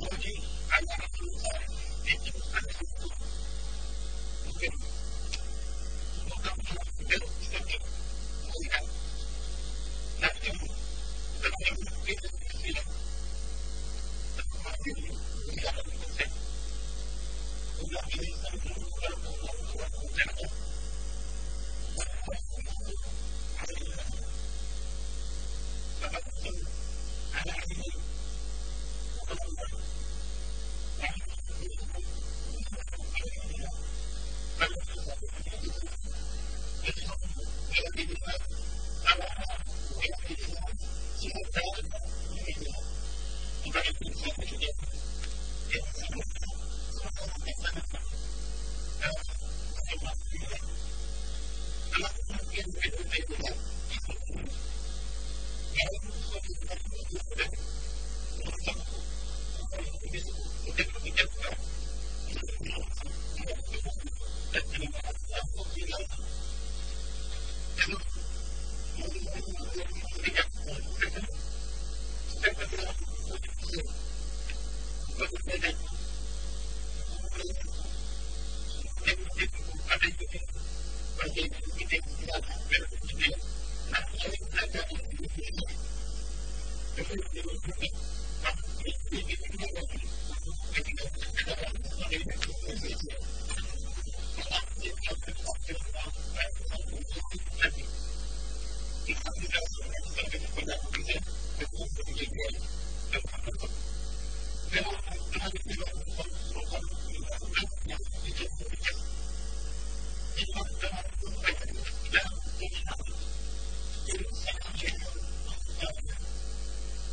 زوجي على رسول الله بنت محمد بن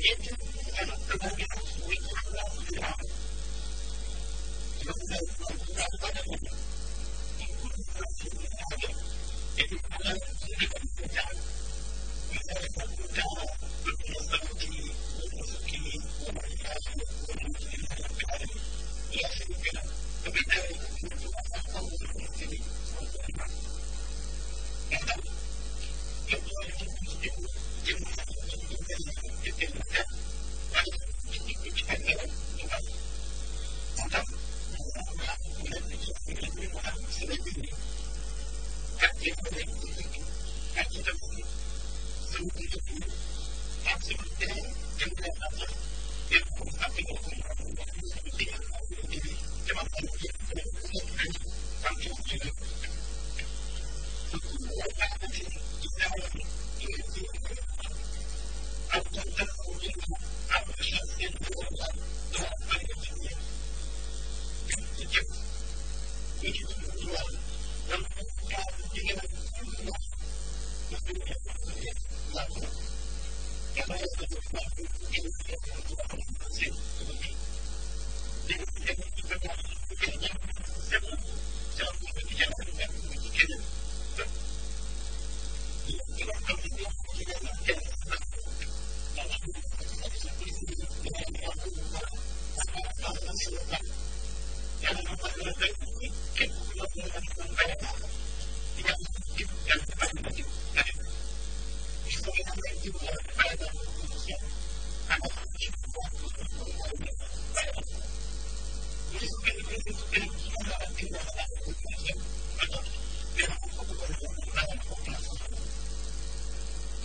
Yet, I don't know, you know, we talk about, you know, you know,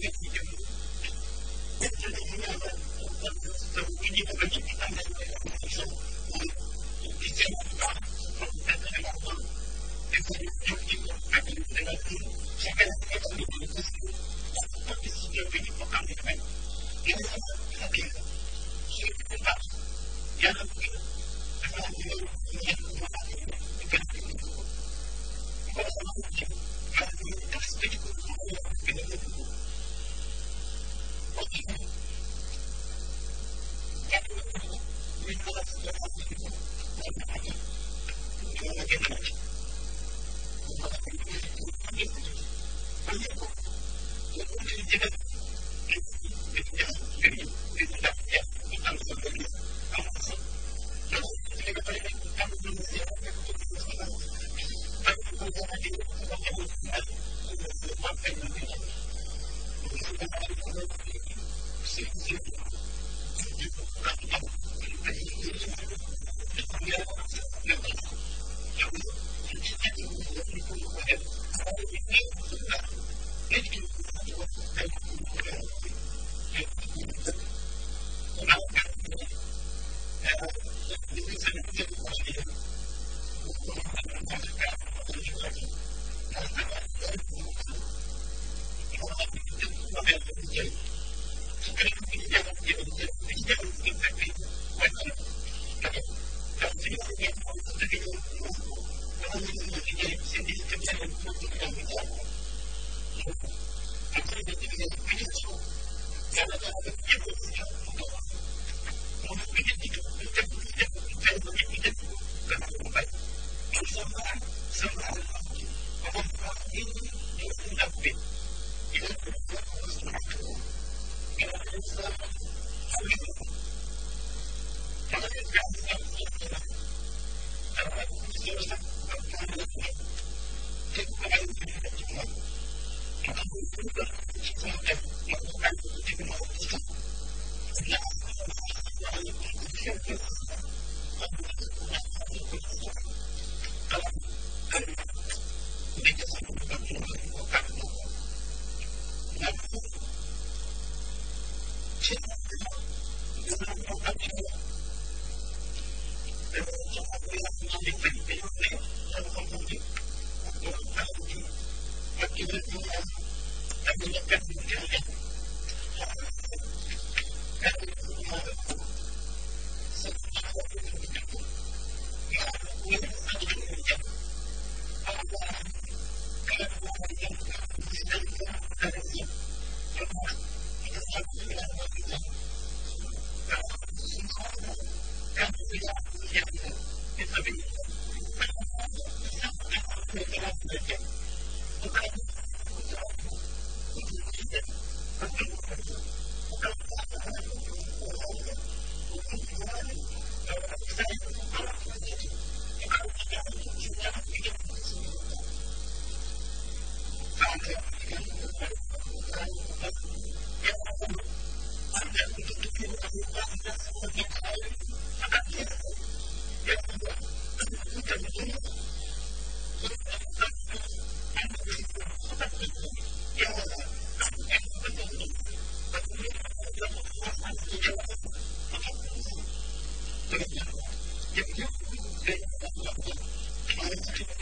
nit ñi jënd nit ñi dañuy ñaanal pour que sa nit ñi dafa jënd engrais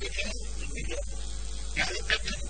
بحديث مسلم يعني قد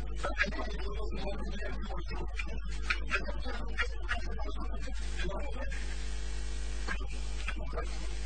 Thank you.